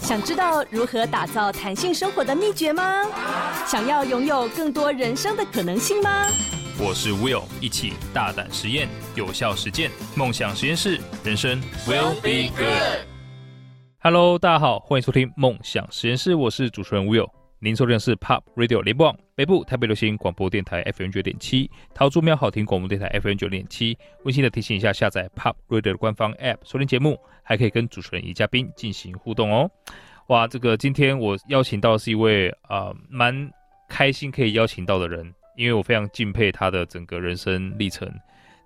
想知道如何打造彈性生活的秘訣嗎？想要擁有更多人生的可能性嗎？我是 Will，一起大膽實驗、有效實踐，夢想實驗室，人生 Will be good。Hello，大家好，歡迎收聽夢想實驗室，我是主持人 Will，您收聽的是 Pop Radio 聯播網北部台北流行廣播電台 FM 九點七，桃竹苗好聽廣播電台 FM 九點七，溫馨的提醒一下，下載 Pop Radio 的官方 App 收聽節目。還可以跟主持人與嘉賓進行互動哦，哇，這個今天我邀請到的是一位啊呃，蠻開心可以邀請到的人，因為我非常敬佩他的整個人生歷程。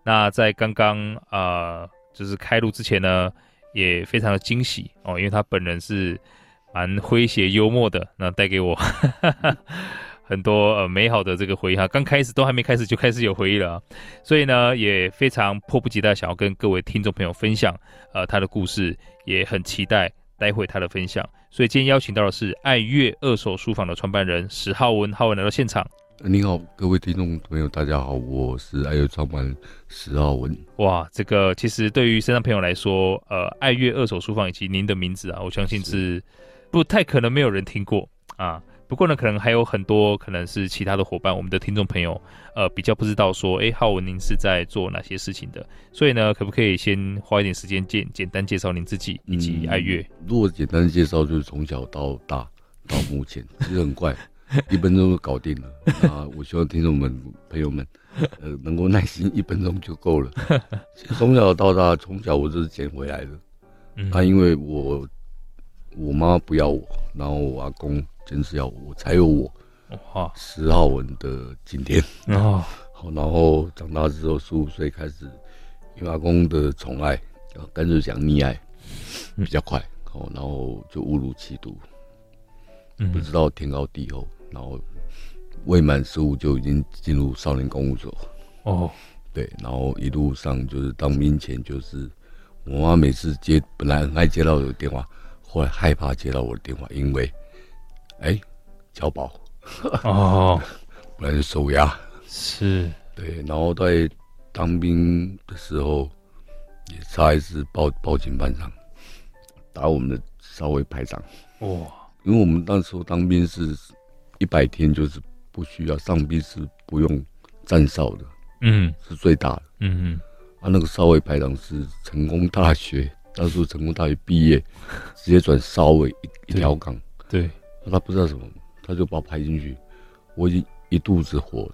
那在剛剛啊就是開錄之前呢，也非常的驚喜哦，因為他本人是蠻詼諧幽默的，那帶給我。 很多呃美好的這個回憶哈，剛開始都還沒開始就開始有回憶了啊，所以呢也非常迫不及待想要跟各位聽眾朋友分享，呃他的故事，也很期待待會他的分享。所以今天邀請到的是愛閱二手書坊的創辦人石皓文，皓文來到現場。您好，各位聽眾朋友，大家好，我是愛閱創辦人石皓文。哇，這個其實對於身上朋友來說，呃愛閱二手書坊以及您的名字啊，我相信是不太可能沒有人聽過啊。不過呢，可能還有很多可能是其他的夥伴，我們的聽眾朋友，呃，比較不知道說，哎、欸，皓文您是在做哪些事情的？所以呢，可不可以先花一點時間簡簡單介紹您自己以及愛閱、嗯？如果簡單介紹就是從小到大到目前，其實很快， 一分鐘就搞定了啊！我希望聽眾們 朋友們，呃，能夠耐心，一分鐘就夠了。從小到大，從小我就是撿回來的，他、嗯啊、因為我我媽不要我，然後我阿公。真是要我，我才有我，哇！石皓文的今天，然後，然後長大之後，十五歲開始，因為阿公的寵愛，啊，乾脆想溺愛，比較快，嗯喔、然後就誤入歧途，不知道天高地厚，然後未滿十五就已經進入少年公務所，哦，oh. 對，然後一路上就是當兵前，就是我媽每次接本來很愛接到我的電話，後來害怕接到我的電話，因為。哎，交保，哦，不然就收押，是，對，然後在當兵的時候也差一次報報警班長，打我們的少尉排長哇，oh. 因為我們那時候當兵是一百天，就是不需要上兵是不用站哨的，嗯，是最大的，嗯嗯，哼，啊，那個少尉排長是成功大學，那時候成功大學畢業，直接轉少尉一一條槓，對。他不知道什麼，他就把我拍進去，我一一肚子火，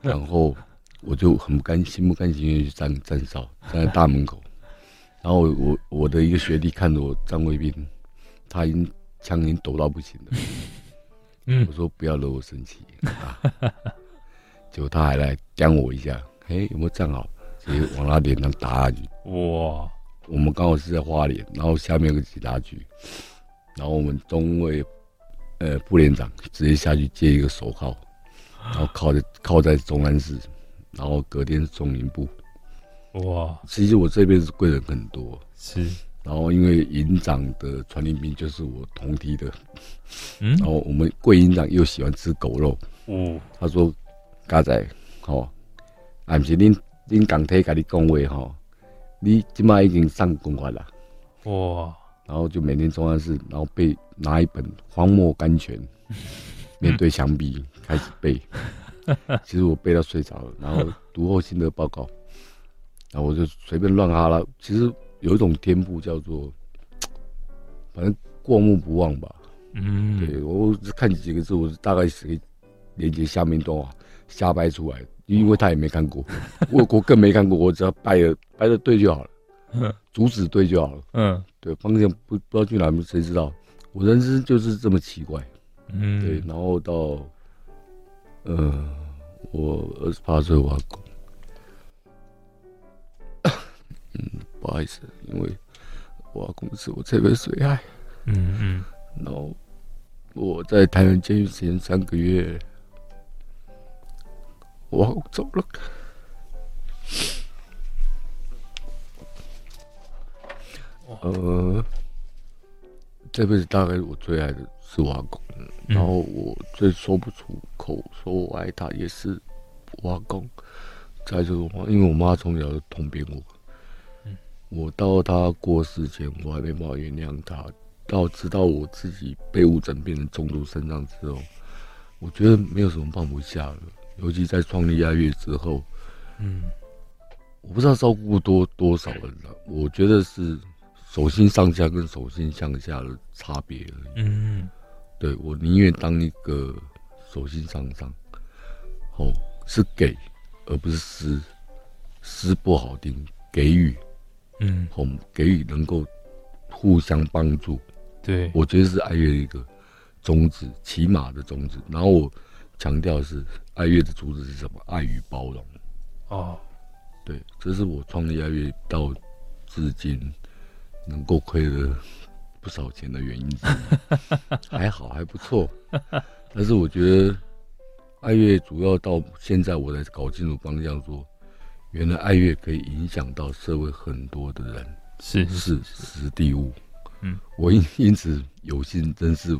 然後我就很不甘心，不甘心去站站哨，站在大門口，然後我我的一個學弟看着我站衛兵，他已經槍已經抖到不行了，嗯、我說不要惹我生氣、啊、就結果他還來將我一下，嘿，有沒有站好，直接往他臉上打下、啊、去。哇，我們剛好是在花蓮，然後下面有個警察局。然後我們中尉呃，副連長直接下去借一個手銬，然後銬在靠在中安室，然後隔天是中營部。哇！其實我這邊是貴人很多。是。然後因為營長的傳令兵就是我同梯的，嗯、然後我們貴營長又喜歡吃狗肉。嗯。他說：“嘎仔，吼、哦，俺、啊、是恁您剛才跟你講話吼、哦，你今麥已經上公館了，哇！然後就每天做大事，然後背拿一本《荒漠甘泉》，面對牆壁開始背。其實我背到睡着了。然後讀後心得報告，然後我就隨便亂哈啦。其實有一種天賦叫做，反正過目不忘吧。嗯，對，我只看幾個字，我大概是連接下面段話瞎掰出來，因為他也沒看過，我更沒看過，我只要掰的掰的對就好了。嗯，阻止對就好了。嗯，對，方向不不知道去哪，誰知道？我人生就是這麼奇怪。嗯，對，然後到，嗯、呃，我二十八歲挖嗯，不好意思，因為挖公司，我特別水害。嗯嗯，然後我在台灣監獄時間三個月，我走了。 呃，這輩子大概我最愛的是外公，然後我最說不出口說我愛他也是外公。在這個話，因為我媽從小就痛扁我，我到她過世前我還沒辦法原諒她，到直到我自己被誤診變成重度身障之後，我覺得沒有什麼放不下的。尤其在創立愛閱之後，嗯，我不知道照顧過多多少人了，啊，我覺得是。手心上下跟手心向下的差別而已。嗯，對，我寧願當一個手心向上，吼是給，而不是施，施不好聽，給予，嗯，吼給予能夠互相幫助。對，我覺得是愛閱一個宗旨，起碼的宗旨。然後我強調是愛閱的宗旨是什麼？愛與包容。哦，對，這是我創立愛閱到至今。能夠虧了不少錢的原因，還好還不錯，但是我覺得愛閱主要到現在我才搞清楚方向，說原來愛閱可以影響到社會很多的人，是是實地務，是是嗯，我因因此有幸認識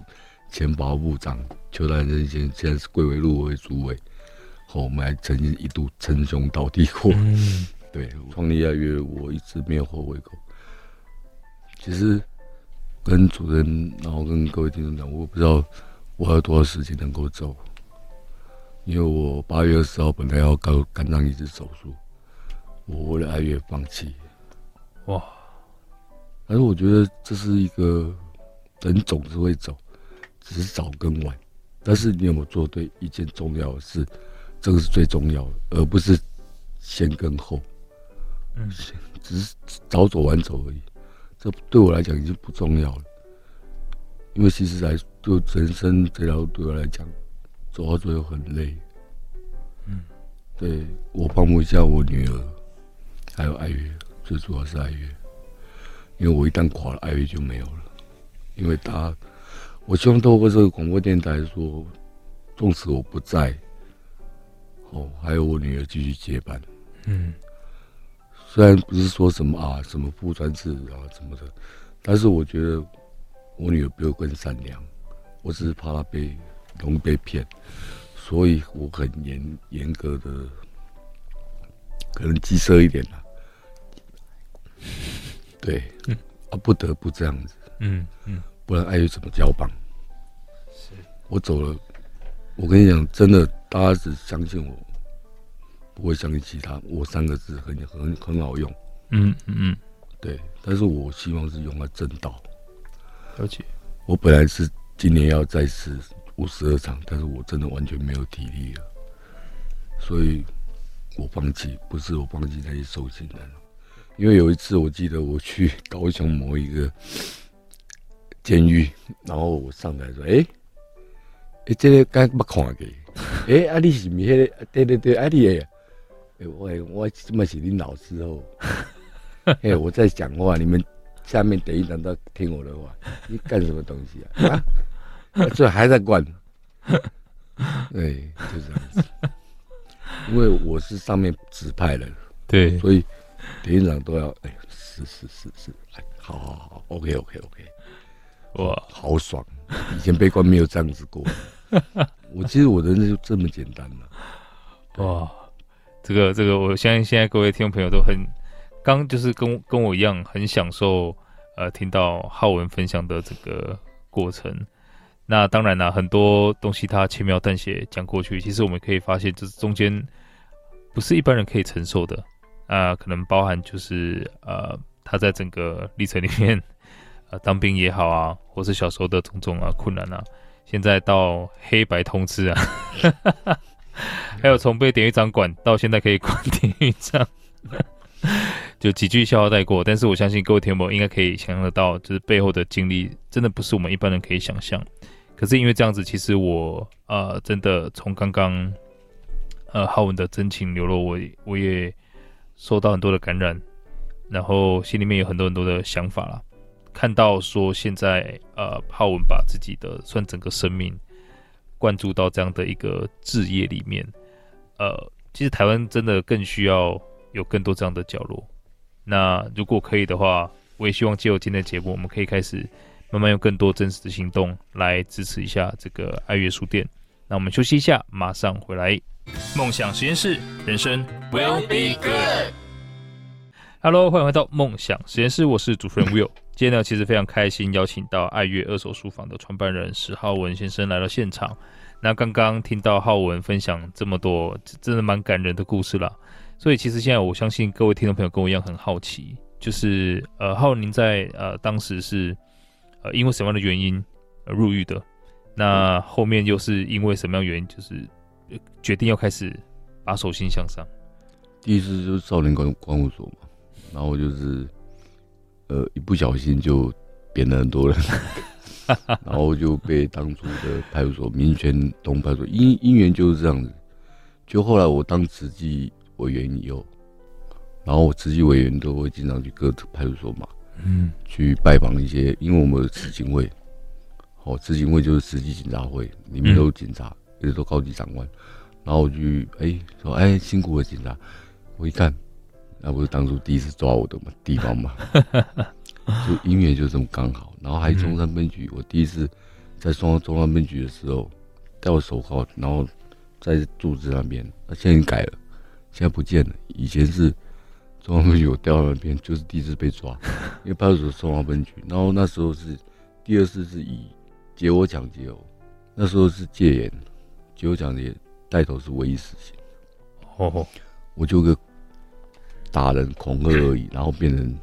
前包部長來人生先生，現在是貴為入為主委，後我們還曾經一度稱兄道弟過，嗯、對，創立愛閱我一直沒有後悔過。其實，跟主任，然後跟各位聽眾講，我不知道我還有多少時間能夠走，因為我八月二十號本來要搞肝肝臟移植手術，我為了愛閱放棄，哇！但是我覺得這是一個人總是會走，只是早跟晚，但是你有沒有做對一件重要的事？這個是最重要的，而不是先跟後，嗯行，只是早走晚走而已。這對我來講已經不重要了，因為其實來，就人生這條路對我來講，走到最後很累。嗯，對我放不下我女兒，還有愛閱，最主要是愛閱，因為我一旦垮了，愛閱就沒有了。因為她，我希望透過這個廣播電台說，縱使我不在，哦，還有我女兒繼續接班。嗯。雖然不是說什麼啊，什麼父傳子啊，什麼的，但是我覺得我女兒比我更善良，我只是怕她被容易被騙，所以我很嚴嚴格的，可能機車一點啦、啊。對，嗯、啊，不得不這樣子。嗯嗯，不然愛閱怎麼交棒？是、嗯，嗯、我走了，我跟你講，真的，大家只相信我。我相信其他，我三個字很很很好用，嗯嗯，嗯對，但是我希望是用了正道。而且了解，我本來是今年要再是五十二場，但是我真的完全沒有體力了，所以我放棄，不是我放棄那些受刑人，因為有一次我記得我去高雄某一個監獄，然後我上來說，哎、欸，誒、欸，這個剛、 欸啊、不看給。哎，阿弟是咪？哎，對對對，阿、啊、弟。欸、我我這麼是你老師哦、欸，我在講話，你們下面典獄長都聽我的話，你幹什麼東西啊？啊，這、啊、還在灌，對、欸，就這樣子。因為我是上面指派的，對，所以典獄長都要哎、欸，是是是是，好好好，OK OK OK，哇，好爽，以前被關沒有這樣子過，我其實我的人就這麼簡單了，哇。這個這個，這個、我相信現在各位聽眾朋友都很剛，就是跟跟我一樣，很享受呃聽到浩文分享的這個過程。那當然啦、啊，很多東西他輕描淡寫講過去，其實我們可以發現，就是中間不是一般人可以承受的啊、呃，可能包含就是呃他在整個歷程裡面，呃當兵也好啊，或是小時候的種種啊困難啊，現在到黑白通吃啊。 還有從被典獄長管到現在可以管典獄長， 就幾句笑話帶過。但是我相信各位聽友應該可以想象得到，就是背後的經歷真的不是我們一般人可以想象。可是因為這樣子，其實我呃真的從剛剛呃浩文的真情流露，我我也受到很多的感染，然後心裡面有很多很多的想法了。看到說現在呃浩文把自己的算整個生命。灌注到這樣的一個志業裡面，呃，其實台灣真的更需要有更多這樣的角落。那如果可以的話，我也希望借由今天的節目，我們可以開始慢慢用更多真實的行動來支持一下這個愛閱書店。那我們休息一下，馬上回來。夢想實驗室，人生 will be good。Hello，歡迎回到夢想實驗室，我是主持人 Will。 今天呢，其實非常開心，邀請到愛閱二手書坊的創辦人石皓文先生來到現場。那剛剛聽到皓文分享這麼多，真的蠻感人的故事啦。所以其實現在我相信各位聽眾朋友跟我一樣很好奇，就是呃皓文在呃當時是呃因為什麼樣的原因而入獄的？那後面又是因為什麼樣原因，就是決定要開始把手心向上？第一次就是少年觀護所嘛，然後就是。呃，一不小心就扁了很多人， 然後就被當初的派出所民權東派出所，因因緣就是這樣子。就後來我當慈濟委員以後，然後我慈濟委員都會經常去各派出所嘛，嗯，去拜訪一些，因為我們有慈警會，哦，慈警會就是慈濟警察會，裡面都是警察，嗯、也都高級長官，然後我就，哎說哎辛苦了警察，我一看。那不是當初第一次抓我的嘛地方嘛？就音樂就這麼剛好。然後還中山分局，嗯、我第一次在雙中山分局的時候戴我手銬，然後在柱子那邊。他現在已經改了，現在不見了。以前是中山分局我掉到那邊，就是第一次被抓，因為派出所是中華分局。然後那時候是第二次是以結夥搶劫哦，那時候是戒嚴，結夥搶劫帶頭是唯一死刑的。哦呵，我就個。打人恐嚇而已，然後變成，嗯、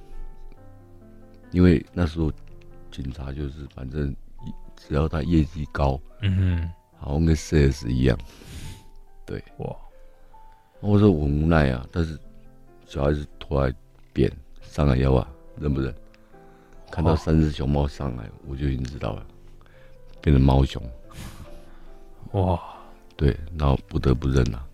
因為那時候警察就是反正只要他業績高，嗯哼，好像跟四 s, s 一樣，對，哇，我說我無奈啊，但是小孩子突然變，上來要啊，認不認？哇看到三只熊貓上來，我就已經知道了，變成貓熊，哇，對，然後不得不認了、啊。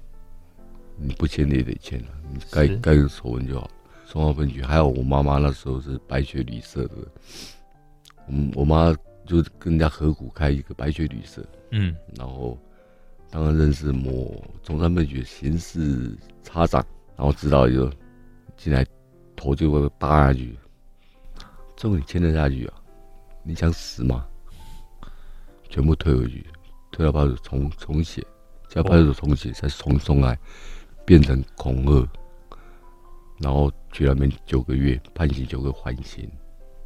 你不簽你也得簽了、啊，你蓋蓋個手印就好了。崇分局還有我媽媽那時候是白雪旅社的，我我媽就跟人家合股開一個白雪旅社，嗯，然後當時認識某中山分局刑事查長，然後知道就進來，頭就會被扒下去，終於簽得下去啊！你想死嗎？全部退回去，退到派出所重重寫，叫派出所重寫，再重送來。變成恐嚇，然後去那邊九個月，判刑九個緩刑。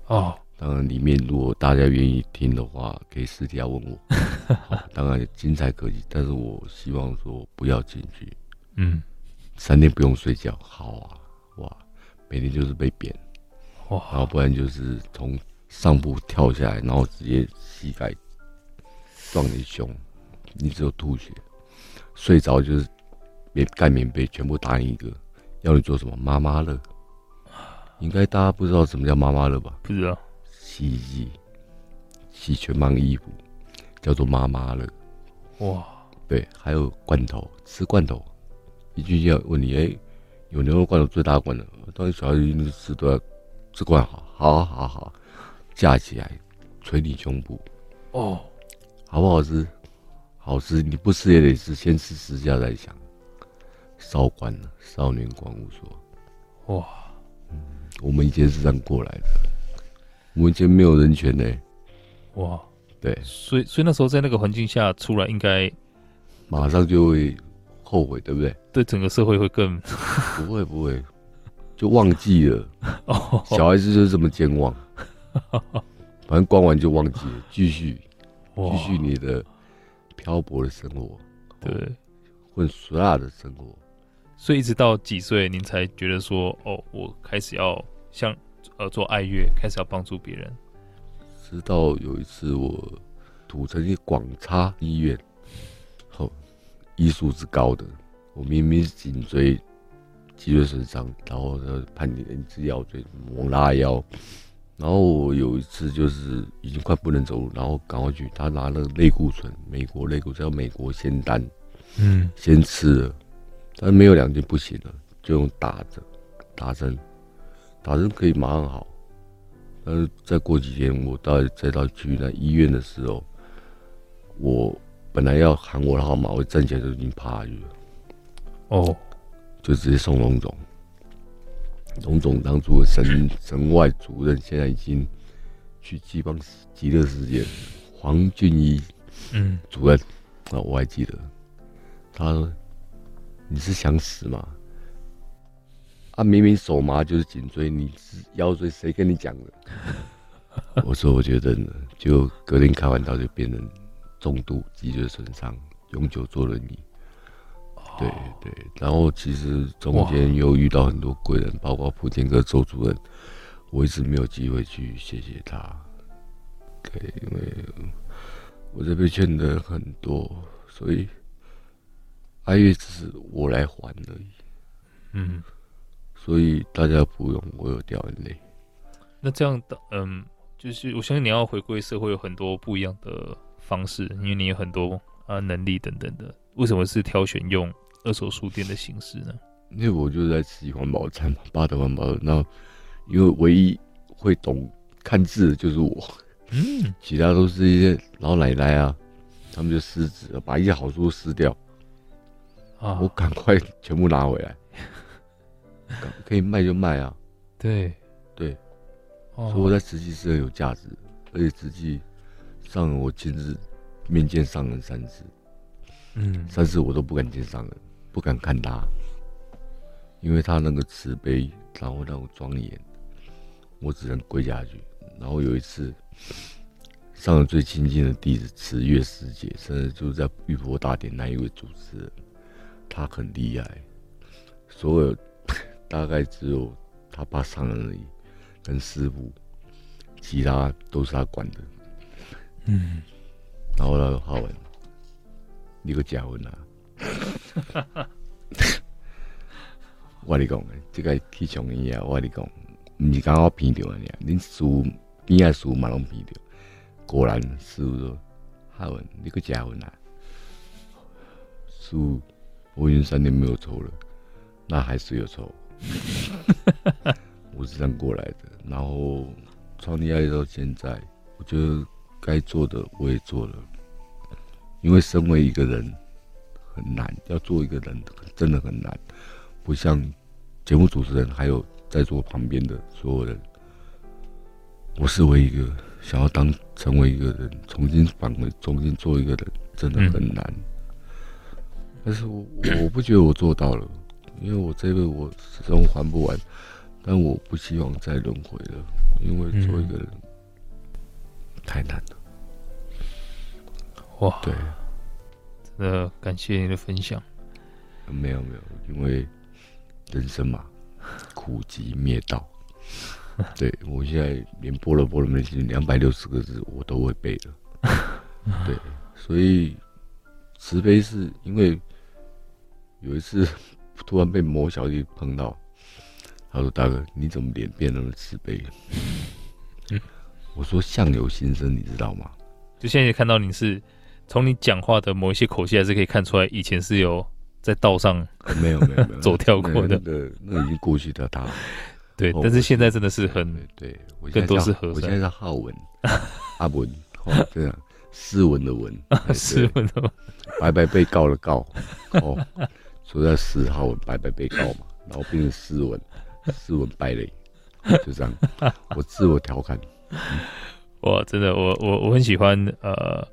哦，oh. 當然裡面如果大家願意聽的話，可以私底下問我。 當然精彩可惜，但是我希望說不要進去。嗯，三天不用睡覺，好啊，哇，每天就是被扁，哇，oh. 然後不然就是從上鋪跳下來，然後直接膝蓋撞你胸，你只有吐血，睡着就是。蓋棉被，全部答應一個。要你做什麼？媽媽樂，應該大家不知道什麼叫媽媽樂吧？不知道，洗衣機洗全幫衣服，叫做媽媽樂。哇，對，還有罐頭，吃罐頭，一句叫問你，哎、欸，有牛肉罐頭最大罐的，當時小孩子吃都要，這罐好，好、啊，好、啊，好、啊，架起來，捶你胸部。哦，好不好吃？好吃，你不吃也得吃，先吃十下再想。少管了，少年觀護所。哇、嗯，我們以前是這樣過來的，我們以前沒有人權呢、欸。哇，對，所以所以那時候在那個環境下出來應，應該馬上就會後悔，對不對？對，整個社會會更 不，不會不會，就忘記了。 小孩子就是這麼健忘， 反正關完就忘記了，繼續繼續你的漂泊的生活，哇後對，混耍的生活。所以一直到幾歲，您才覺得說，哦，我開始要像，呃，做愛閱，開始要幫助別人。直到有一次我，住成一廣差醫院，好，醫術是高的，我明明是頸椎，脊椎損傷，然後他判你治腰椎，摩拉腰，然後我有一次就是已經快不能走路，然後趕快去，他拿了類固醇，美國類固醇叫美國仙丹，嗯，先吃了。但是沒有兩天不行了，就用打針，打針，打針可以馬上好，但是再過幾天，我到再到去那醫院的時候，我本來要喊我的號碼，我站起來就已經趴下去了。哦，就直接送龍總，龍總當初的神神外主任，現在已經去西方極樂世界了，黃俊一，嗯，主任，啊、嗯，那我還記得他。你是想死嗎？啊，明明手麻就是頸椎，你是腰椎誰跟你講的？ 我說我覺得呢，就隔天開完刀就變成重度脊椎損傷，永久坐輪椅。對對，然後其實中間又遇到很多貴人，哇包括普天哥、周主任，我一直沒有機會去謝謝他。對，因為我這邊欠的人很多，所以。他也只是我來還而已，嗯，所以大家不用我有掉眼淚。那這樣的，嗯，就是我相信你要回歸社會有很多不一樣的方式，因為你有很多啊能力等等的。為什麼是挑選用二手書店的形式呢？因為我就在吃環保餐嘛，八德環保。那因為唯一會懂看字的就是我，嗯，其他都是一些老奶奶啊，他們就撕紙，把一些好書撕掉。Oh, 我趕快全部拿回來， 可以賣就賣啊！對，對，oh. 所以我在慈濟是很有價值，而且慈濟上人我今日面見上人三次，嗯，三次我都不敢見上人，不敢看他，因為他那個慈悲，然後那個莊嚴，我只能跪下去。然後有一次，上人最親近的弟子慈月師姐，甚至就是在玉佛大典那一位主持人。他很厲害，所有大概只有他爸上了而已，跟師傅，其他都是他管的。嗯，然後那個皓文你閣食薰啊！我跟你講，這個氣場伊啊，我跟你講，唔是講我偏掉安尼啊？恁師傅邊個師傅嘛攏偏掉，果然師傅說：“皓文，你閣食薰啊，師傅。”我已經三年沒有抽了，那還是有抽， 我是這樣過來的。然後，創立愛閱到現在，我覺得該做的我也做了。因為身為一個人很難，要做一個人真的很難，不像節目主持人還有在座旁邊的所有人。我身為一個想要當成為一個人，重新返回重新做一個人，真的很難。嗯但是我，我我不覺得我做到了，因為我這一輩我始終還不完，但我不希望再輪迴了，因為做一個人、嗯、太難了。哇，對，真的感謝你的分享。沒有沒有，因為人生嘛，苦集滅道。 對我現在連《波羅波羅蜜經》兩百六十個字我都會背了。 對，所以慈悲是因為。有一次，突然被某小弟碰到，他說：“大哥，你怎麼臉變那麼慈悲？”我說：“相由心生，你知道嗎？”就現在也看到你，是從你講話的某一些口氣，還是可以看出來，以前是有在道上，沒有沒有走跳過的，那已經過去的他，對，但是現在真的是很對，我更多是和善。我現在是浩文、阿文，這樣斯文的文，斯文的文，白白被告了告哦。說在石皓文白白被告嘛，然後變成斯文， 斯文敗類，就這樣，我自我調侃。嗯、哇，真的，我我我很喜歡。呃，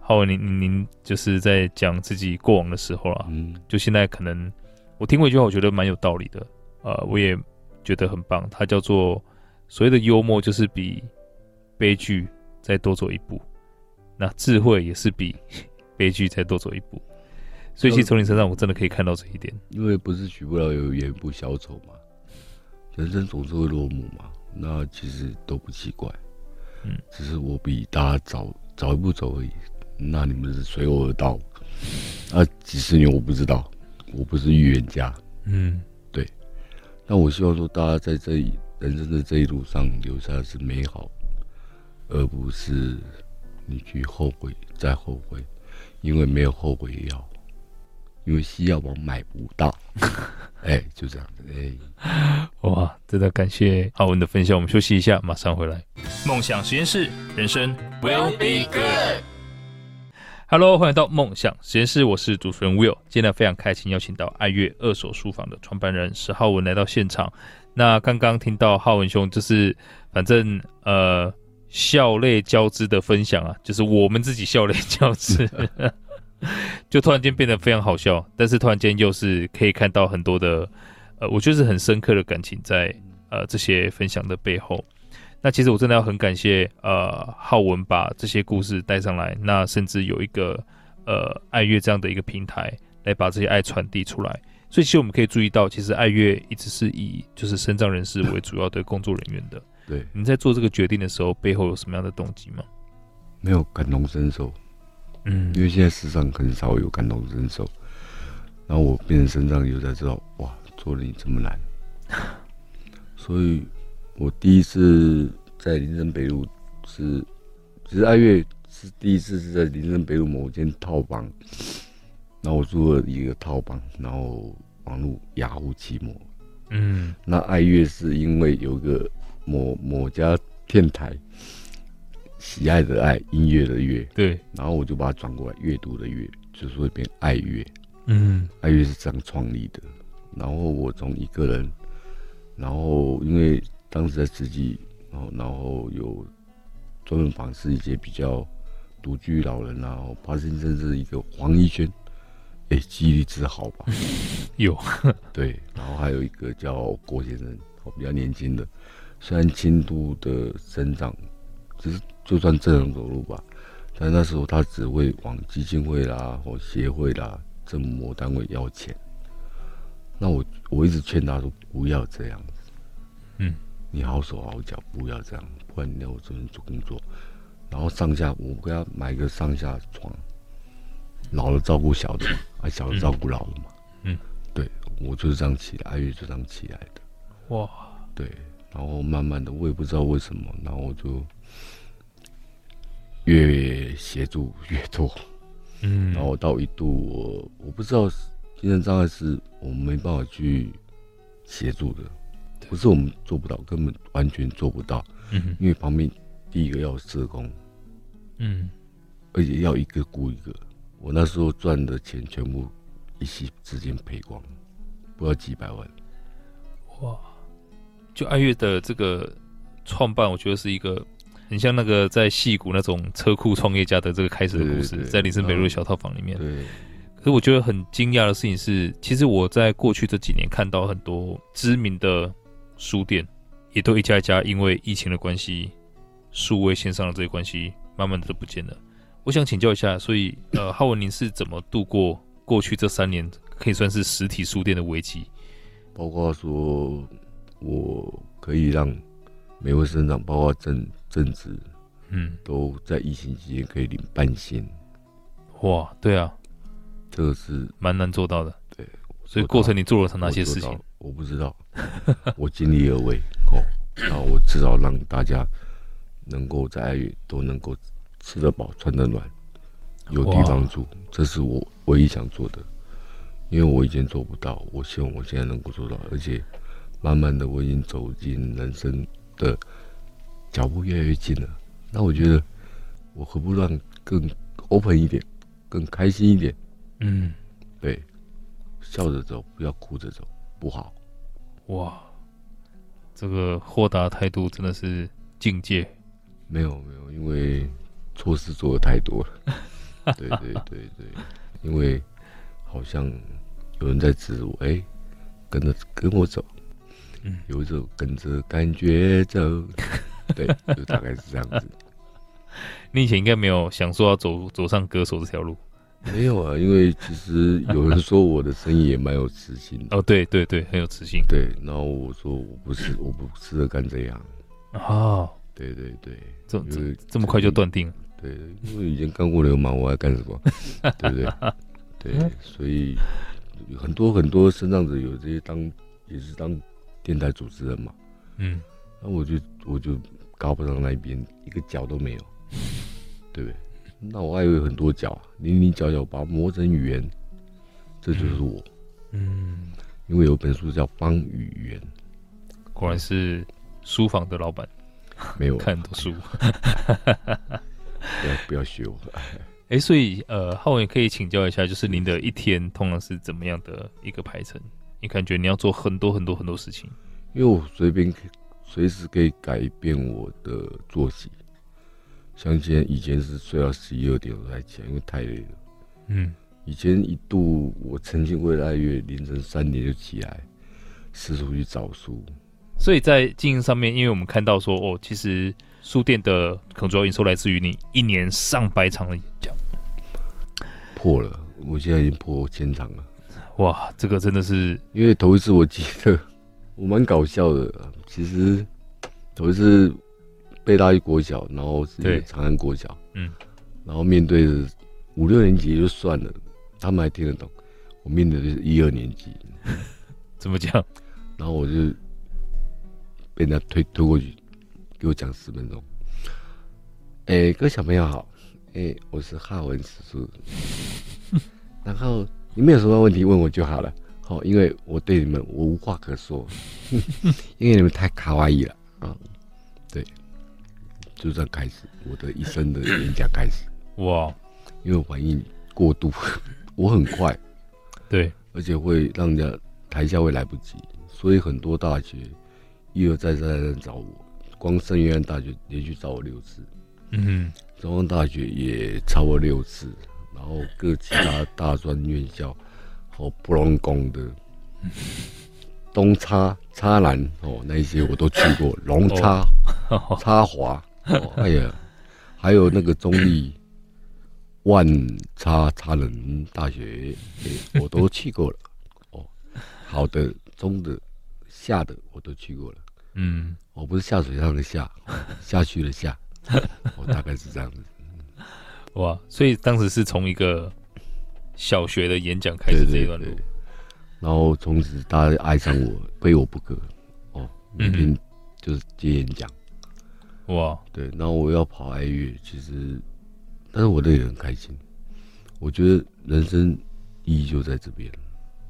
浩文，您您,您就是在講自己過往的時候啊，嗯、就現在可能我聽過一句話，我覺得蠻有道理的，呃，我也覺得很棒。它叫做所謂的幽默，就是比悲劇再多走一步；那智慧也是比悲劇再多走一步。所以，其實從你身上，我真的可以看到這一點。啊、因為不是許不了有演一部小丑嗎？人生總是會落幕嘛，那其實都不奇怪。嗯，只是我比大家早早一步走而已。那你們是隨我而到，啊，幾十年我不知道，我不是預言家。嗯，對。但我希望說，大家在這一人生的這一路上留下的是美好，而不是你去後悔再後悔，因為沒有後悔藥。嗯因為西藥王買不到，哎，就這樣子，哎，哇，真的感謝皓文的分享，我們休息一下，馬上回來。夢想實驗室，人生 will be good。Hello，歡迎到夢想實驗室，我是主持人 Will。今天非常開心邀請到愛閱二手書坊的創辦人石皓文來到現場。那剛剛聽到皓文兄，就是反正呃笑淚交織的分享啊，就是我們自己笑淚交織。 就突然間變得非常好笑，但是突然間又是可以看到很多的，呃，我就是很深刻的感情在呃這些分享的背後。那其實我真的要很感謝呃皓文把這些故事帶上來，那甚至有一個呃愛閱這樣的一個平台來把這些愛傳遞出來。所以其實我們可以注意到，其實愛閱一直是以就是身障人士為主要的工作人員的。對，你在做這個決定的時候，背後有什麼樣的動機嗎？沒有感同身受。嗯，因為現在世上很少有感同身受，然後我變成身上又在知道哇，做人這麼難， 所以，我第一次在林森北路是，其實愛閱是第一次是在林森北路某間套房，然後我租了一個套房，然後網絡雅虎奇摩，嗯，那愛閱是因為有個某某家電台。喜愛的愛，音樂的樂，對，然後我就把它轉過來，閱讀的閱，就是會變愛閱。嗯，愛閱是這樣創立的。然後我從一個人，然後因為當時在慈濟，然後然後有專門訪視一些比較獨居老人、啊，然後發現生是一個黃一軒，哎、欸，記憶力只好吧， 有， 對，然後還有一個叫郭先生，我比較年輕的，雖然輕度的生長，只是。就算正常走路吧，但那時候他只會往基金會啦或協會啦、政府單位要錢。那我我一直勸他說不要這樣嗯，你好手好腳不要這樣，不然你來我這邊做工作。然後上下我給他買一個上下床，老的照顧小的嘛，嗯、啊，小的照顧老的嘛，嗯，對我就是這樣起來，阿姨就這樣起來的，哇，對，然後慢慢的我也不知道為什麼，然後我就。越協助越多，嗯，然後到一度我我不知道精神障礙是我們沒辦法去協助的，不是我們做不到，根本完全做不到，嗯，因為旁邊第一個要社工，嗯，而且要一個雇一個，我那時候賺的錢全部一夕之間賠光，不要幾百萬，哇，就愛閱的這個創辦，我覺得是一個。很像那個在矽谷那種車庫創業家的這個開始的故事，對對對，在李森美路的小套房裡面。啊、對。可是我覺得很驚訝的事情是，其實我在過去這幾年看到很多知名的書店，也都一家一家因為疫情的關係，數位線上的這個關係，慢慢的都不見了。我想請教一下，所以呃，皓文您是怎麼度過過去這三年可以算是實體書店的危機？包括說，我可以讓美露生長，包括正。甚至，嗯，都在疫情期間可以領半薪。嗯，哇，對啊，這個是蠻難做到的。對，所以過程你做了哪些事情？我，我不知道， 我盡力而為哦。那我至少讓大家能夠在愛都能夠吃得飽、穿得暖、有地方住，哇這是我唯一想做的。因為我以前做不到，我希望我現在能夠做到，而且慢慢的我已經走進人生的。腳步越來越近了，那我覺得我何不讓更 open 一點，更開心一點？嗯，對，笑着走，不要哭着走，不好。哇，這個豁達態度真的是境界。沒有沒有，因為錯事做的太多了。 對對對對，因為好像有人在指我，欸，跟着跟我走，嗯、有時候跟着感覺走。 對，就大概是這樣子。 你以前應該沒有想說要走走上歌手這條路？ 沒有啊，因為其實有人說我的聲音也蠻有磁性的哦，對對對，很有磁性。對，然後我說我不是，我不適合幹這樣。哦，對對對，這麼為這，這麼快就斷定？對，因為以前幹過流氓，我還幹什麼？ 對不對，對？對，所以很多很多身上者有這些當也是當電台主持人嘛，嗯。那、啊、我就我就搞不到那一邊，一個角都沒有，對不 對？那我還有很多角，稜稜角角把它磨成圓，這就是我。嗯，嗯，因為有本書叫《方與圓》，果然是書坊的老闆，沒有看很多書， 不要不要學我。哎、欸，所以呃，皓文可以請教一下，就是您的一天通常是怎麼樣的一個排程？ 你感覺你要做很多很多很多事情，因為我隨便。隨時可以改變我的作息，像現在以前是睡到十一二點鐘才起來，因為太累了。嗯，以前一度我曾經為了愛閱凌晨三點就起來，四處去找書。所以在經營上面，因為我們看到說哦，其實書店的可能主要因素來自於你一年上百場的演講，破了，我現在已經破千場了。嗯，哇，這個真的是因為頭一次我記得。我蠻搞笑的，其實，頭一次被拉去國小，然後是長安國小，嗯，然後面對五六年級就算了，嗯、他們還聽得懂，我面對的是一二年級，怎麼講？然後我就被人家推推過去，給我講十分鐘。哎、欸，各位小朋友好，哎、欸，我是皓文叔叔， 然後你們有什麼問題問我就好了。好，因為我對你們我無話可說， 因為你們太卡哇伊了啊！對，就這樣開始我的一生的演講開始。哇，因為我反應過度，我很快，對，而且會讓人家台下會來不及，所以很多大學一而再再而三找我，光聖約翰大學連續找我六次，嗯哼，中央大學也超過六次，然後各其他大專院校。 哦，布隆宮的東叉叉蘭哦，那一些我都去過，龍叉、哦、叉華、哦，哎呀，還有那個中立萬叉叉人大學，我都去過了。哦，好的、中的、下的我都去過了。嗯，我、哦、不是下水道的下，哦、下去的下，我、哦、大概是這樣子。嗯、哇，所以當時是從一個。小學的演講開始這段路對對對，然後從此大家愛上我，非我不可。哦，每天就是接演講、嗯嗯，哇，對。然後我要跑哀樂，其實，但是我的也很開心。我覺得人生意義就在這邊，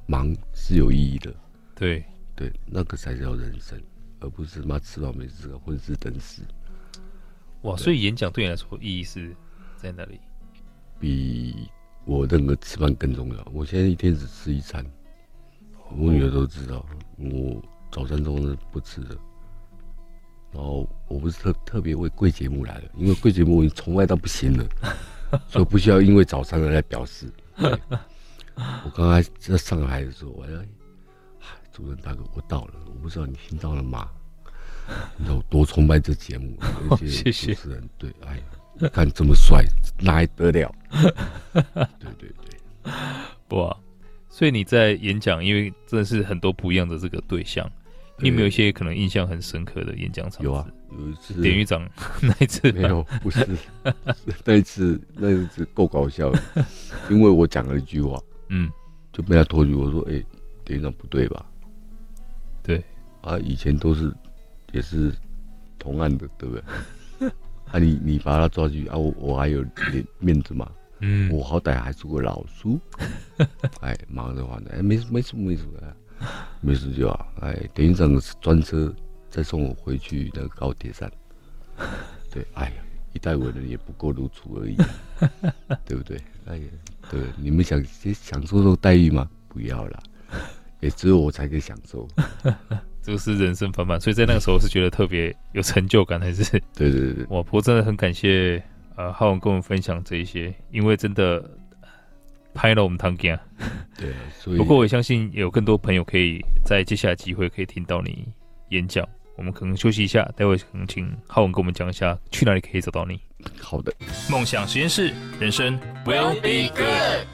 忙是有意義的。對對，那個才叫人生，而不是媽吃飽沒事幹，混吃等死。哇，對所以演講對你來說意義是在哪裡？比。我那個吃飯更重要，我現在一天只吃一餐，我女兒都知道，我早餐中是不吃的。然後我不是特特別為貴節目來的，因為貴節目我崇拜到不行了，所以不需要因為早餐而來表示。對我剛才在上海的時候，我說、哎：“主任大哥，我到了，我不知道你聽到了嗎？你我多崇拜這節目，哦、謝，謝，那些主持人對，哎。”看這麼帥，那還得了？ 對對對、對，不啊。所以你在演講，因為真的是很多不一樣的這個對象。你有對沒有一些可能印象很深刻的演講場？有啊，有一次典獄長那一次 沒有，不是， 不是那一次，那一次夠搞笑的。 因為我講了一句話，嗯，就被他拖住。我說：“哎、欸，典獄長不對吧？”對啊，以前都是也是同案的，對不對？啊你，你你把他抓去啊我，我我還有臉面子嗎？嗯，我好歹還是個老叔， 哎，忙著玩的話呢，哎，沒事沒什麼，沒什麼，啊，沒事就好，哎，等一等專車再送我回去那個高鐵站， 對，哎呀，一代偉人也不過如此而已，啊， 對不對？哎，對，你們想享享受這個待遇嗎？不要了，也，哎、只有我才可以享受。 這個是人生翻盤，所以在那個時候是覺得特別有成就感，還是對對對。我不過真的很感謝呃，皓文跟我們分享這一些，因為真的拍了我們湯羹。對，所以不過我相信有更多朋友可以在接下來機會可以聽到你演講。我們可能休息一下，待會可能請皓文跟我們講一下去哪裡可以找到你。好的，夢想實驗室，人生 will be good。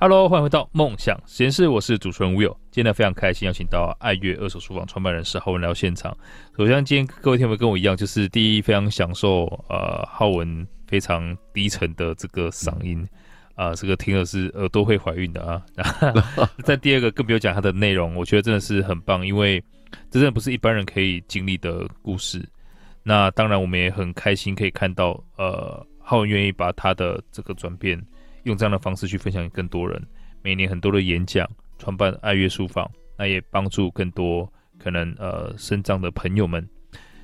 哈囉，歡迎回到夢想實驗室，我是主持人 Will。今天非常開心邀請到愛閱二手書坊創辦人石皓文來到現場。首先，今天各位聽友跟我一樣，就是第一非常享受呃皓文非常低沉的這個嗓音啊、呃，這個聽了是耳朵會懷孕的啊。再 第二個更不用講他的內容，我覺得真的是很棒，因為這真的不是一般人可以經歷的故事。那當然我們也很開心可以看到呃皓文願意把他的這個轉變。用這樣的方式去分享給更多人，每年很多的演講、創辦愛閱書坊，那也幫助更多可能呃生長的朋友們。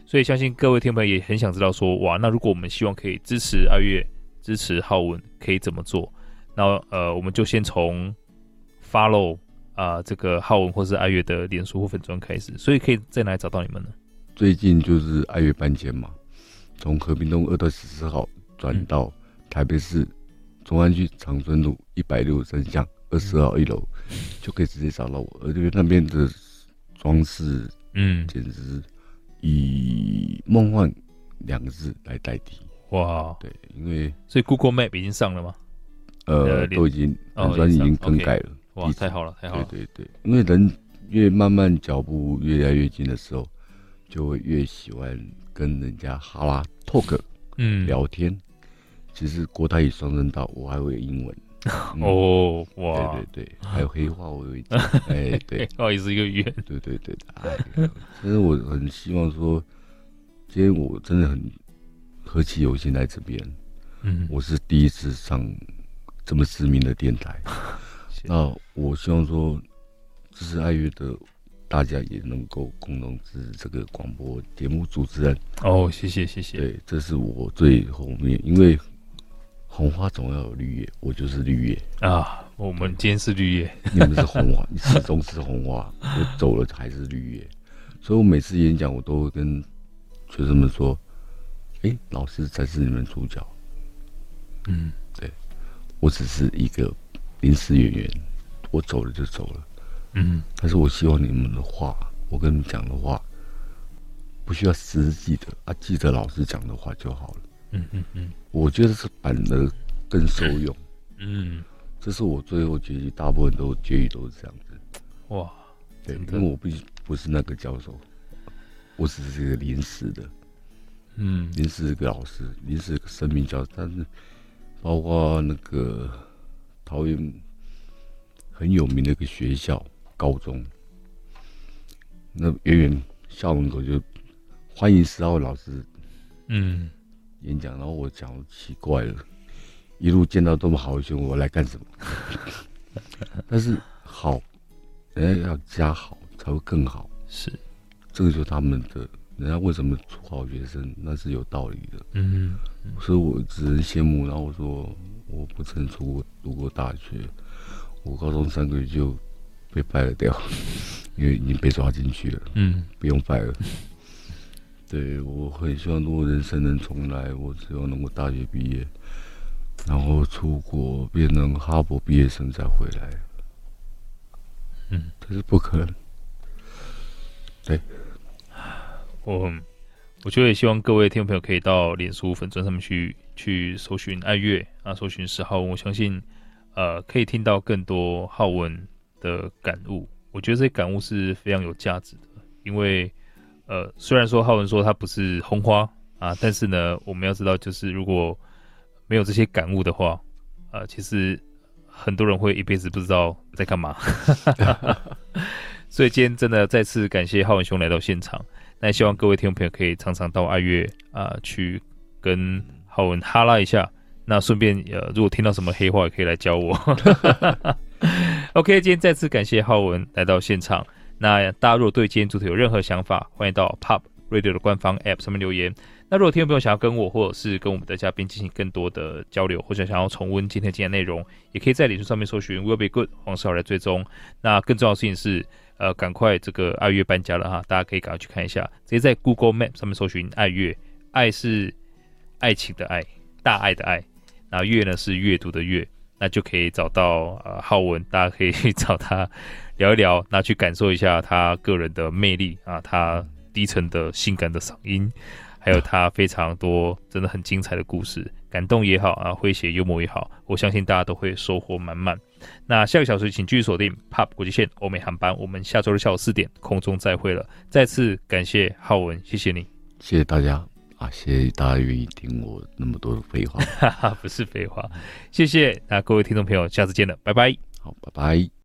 所以相信各位聽朋友也很想知道說，哇，那如果我們希望可以支持愛閱、支持浩文，可以怎麼做？那呃，我們就先從 follow 啊、呃、這個浩文或是愛閱的臉書或粉專開始，所以可以在哪找到你們呢？最近就是愛閱搬遷嘛，從和平東二段十四號轉到台北市。嗯崇安區長春路一百六十三巷二十號一樓，嗯、就可以直接找到我。而這邊那邊的裝飾，嗯，簡直是以“夢幻”兩個字來代替。嗯、哇！對，因為所以 Google Map 已經上了嗎？呃，臉都已經，反正、哦、已經更改了。哦 okay、址哇，對對對，太好了，太好了！對對對，因為人越慢慢腳步越來越近的時候，就會越喜歡跟人家哈拉 talk，嗯，聊天。其實國台語雙聲道，我還會有英文哦，哇、嗯，oh, wow. 對對對，還有黑話我會講，我有 哎，對，不好意思，一個語言。對對對對，哎，其實我很希望說，今天我真的很何其有幸來這邊，嗯，我是第一次上這麼知名的電台， 行那我希望說，支持愛閱的大家也能夠共同支持這個廣播節目主持人，哦、oh,，謝謝謝謝，對，這是我最後面，因為。紅花總要有綠葉，我就是綠葉啊。我們今天是綠葉，你們是紅花，你始終是紅花。 我走了還是綠葉，所以我每次演講，我都會跟學生們說：“哎、欸，老師才是你們主角。”嗯，對，我只是一個臨時演員，我走了就走了。嗯，但是我希望你們的話，我跟你們講的話，不需要時時記得啊，記得老師講的話就好了。嗯嗯嗯，我覺得是反而更受用。嗯，這是我最後結語，大部分都結語都是這樣子。哇，對，正因為我畢竟不是那個教授，我只是一個臨時的，嗯，臨時一個老師，臨時一個生命教授。但是包括那個桃園很有名的一個學校高中，那遠遠校門口就歡迎石皓文老師。嗯。演講，然後我講，奇怪了，一路見到這麼好學生，我來幹什麼？ 但是好，人家要加好才會更好，是，這個就是他們的，人家為什麼出好學生，那是有道理的。嗯，嗯，所以我只能羨慕。然後我說，我不曾出過讀過大學，我高中三個月就被敗了掉，因為已經被抓進去了。嗯，不用敗了。嗯對，我很希望，如果人生能重來，我只要能夠大學畢業，然後出國變成哈佛畢業生再回來。嗯，這是不可能。對，嗯、對我，我覺得也希望各位聽眾朋友可以到臉書粉專上面去去搜尋愛閱啊，搜尋石皓文，我相信呃，可以聽到更多皓文的感悟。我覺得這些感悟是非常有價值的，因為。呃，雖然說浩文說他不是紅花啊，但是呢，我們要知道，就是如果沒有這些感悟的話，呃、啊，其實很多人會一輩子不知道在幹嘛。 所以今天真的再次感謝浩文兄來到現場。那也希望各位聽眾朋友可以常常到愛閱啊去跟浩文哈拉一下。那順便呃，如果聽到什麼黑話，也可以來教我。哈哈哈。OK，今天再次感謝浩文來到現場。那大家如果對今天主題有任何想法，歡迎到 Pop Radio 的官方 App 上面留言。那如果聽眾朋友想要跟我或者是跟我們的嘉賓進行更多的交流，或者想要重溫今天今天內容，也可以在臉書上面搜尋 Will Be Good 黃少來追蹤。那更重要的事情是，呃，趕快這個愛閱搬家了哈，大家可以趕快去看一下，直接在 Google Map 上面搜尋愛閱。愛是愛情的愛，大愛的愛，然後閱呢是閱讀的閱。那就可以找到呃，浩文，大家可以去找他聊一聊，那去感受一下他個人的魅力啊，他低沉的性感的嗓音，還有他非常多真的很精彩的故事，嗯、感動也好啊，詼諧幽默也好，我相信大家都會收穫滿滿。那下個小時請繼續鎖定 POP 國際線歐美航班，我們下周日下午四點空中再會了，再次感謝浩文，謝謝你，謝謝大家。謝謝大家願意聽我那麼多的廢話，哈哈，不是廢話，謝謝。那各位聽眾朋友，下次見了，拜拜。好，拜拜。